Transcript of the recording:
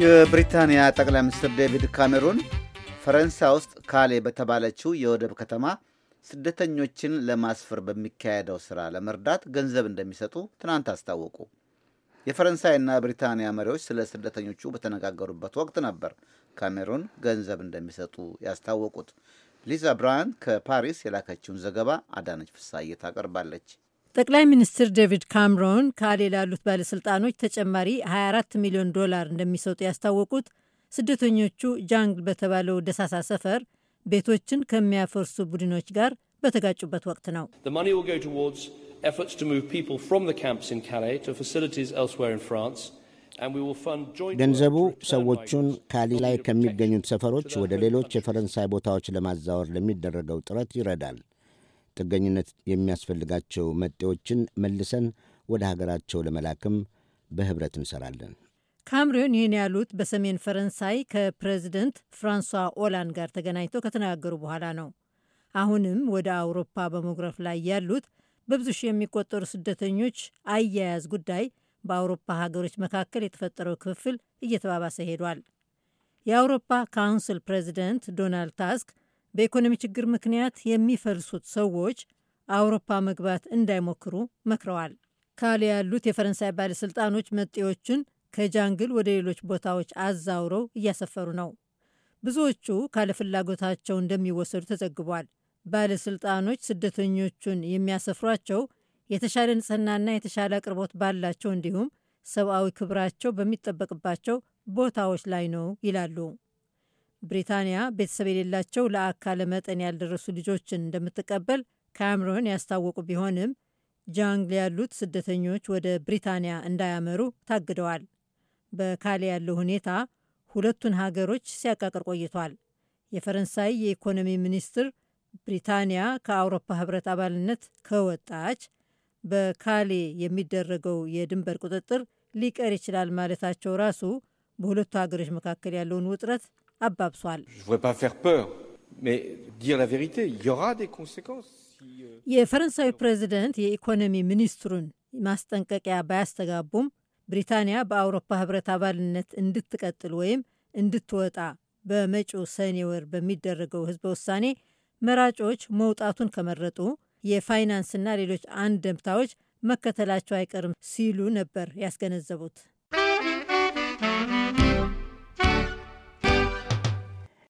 የብሪታንያ ጠቅላይ ሚኒስትር ዴቪድ ካሜሩን ፈረንሳይ ውስጥ ካሌ በተባለችው የወደብ ከተማ ስደተኞችን ለማስፈር በሚካሄደው ስራ ለመርዳት ገንዘብ እንደሚሰጡ ትናንት አስታወቁ። የፈረንሳይና ብሪታንያ መሪዎች ስለ ስደተኞቹ በተነጋገሩበት ወቅት ነበር ካሜሩን ገንዘብ እንደሚሰጡ ያስታወቁት። ሊዛ ብራያን ከፓሪስ የላከችውን ዘገባ አዳነች ፍሳዬ ታቀርባለች። ጠቅላይ ሚኒስትር ዴቪድ ካምሮን ካሌ ላሉት ባለሥልጣኖች ተጨማሪ 24 ሚሊዮን ዶላር እንደሚሰጡ ያስታወቁት ስደተኞቹ ጃንግል በተባለው ደሳሳ ሰፈር ቤቶችን ከሚያፈርሱ ቡድኖች ጋር በተጋጩበት ወቅት ነው። ገንዘቡ ሰዎቹን ካሊ ላይ ከሚገኙት ሰፈሮች ወደ ሌሎች የፈረንሳይ ቦታዎች ለማዛወር ለሚደረገው ጥረት ይረዳል። ጥገኝነት የሚያስፈልጋቸው መጤዎችን መልሰን ወደ ሀገራቸው ለመላክም በህብረት እንሰራለን። ካምሪዮን ይህን ያሉት በሰሜን ፈረንሳይ ከፕሬዚደንት ፍራንሷ ኦላንድ ጋር ተገናኝተው ከተነጋገሩ በኋላ ነው። አሁንም ወደ አውሮፓ በመጉረፍ ላይ ያሉት በብዙ ሺህ የሚቆጠሩ ስደተኞች አያያዝ ጉዳይ በአውሮፓ ሀገሮች መካከል የተፈጠረው ክፍፍል እየተባባሰ ሄዷል። የአውሮፓ ካውንስል ፕሬዚደንት ዶናልድ ታስክ በኢኮኖሚ ችግር ምክንያት የሚፈልሱት ሰዎች አውሮፓ መግባት እንዳይሞክሩ መክረዋል። ካል ያሉት የፈረንሳይ ባለሥልጣኖች መጤዎችን ከጃንግል ወደ ሌሎች ቦታዎች አዛውረው እያሰፈሩ ነው። ብዙዎቹ ካለፍላጎታቸው እንደሚወሰዱ ተዘግቧል። ባለሥልጣኖች ስደተኞቹን የሚያሰፍሯቸው የተሻለ ንጽህናና የተሻለ አቅርቦት ባላቸው እንዲሁም ሰብአዊ ክብራቸው በሚጠበቅባቸው ቦታዎች ላይ ነው ይላሉ። ብሪታንያ ቤተሰብ የሌላቸው ለአካለ መጠን ያልደረሱ ልጆችን እንደምትቀበል ካምሮን ያስታወቁ ቢሆንም ጃንግል ያሉት ስደተኞች ወደ ብሪታንያ እንዳያመሩ ታግደዋል። በካሌ ያለው ሁኔታ ሁለቱን ሀገሮች ሲያቃቅር ቆይቷል። የፈረንሳይ የኢኮኖሚ ሚኒስትር ብሪታንያ ከአውሮፓ ህብረት አባልነት ከወጣች በካሌ የሚደረገው የድንበር ቁጥጥር ሊቀር ይችላል ማለታቸው ራሱ በሁለቱ ሀገሮች መካከል ያለውን ውጥረት አባብሷል። euh, የፈረንሳዩ ፕሬዚደንት የኢኮኖሚ ሚኒስትሩን ማስጠንቀቂያ ባያስተጋቡም ብሪታንያ በአውሮፓ ህብረት አባልነት እንድትቀጥል ወይም እንድትወጣ በመጪው ሰኔ ወር በሚደረገው ህዝበ ውሳኔ መራጮች መውጣቱን ከመረጡ የፋይናንስና ሌሎች አንድምታዎች መከተላቸው አይቀርም ሲሉ ነበር ያስገነዘቡት።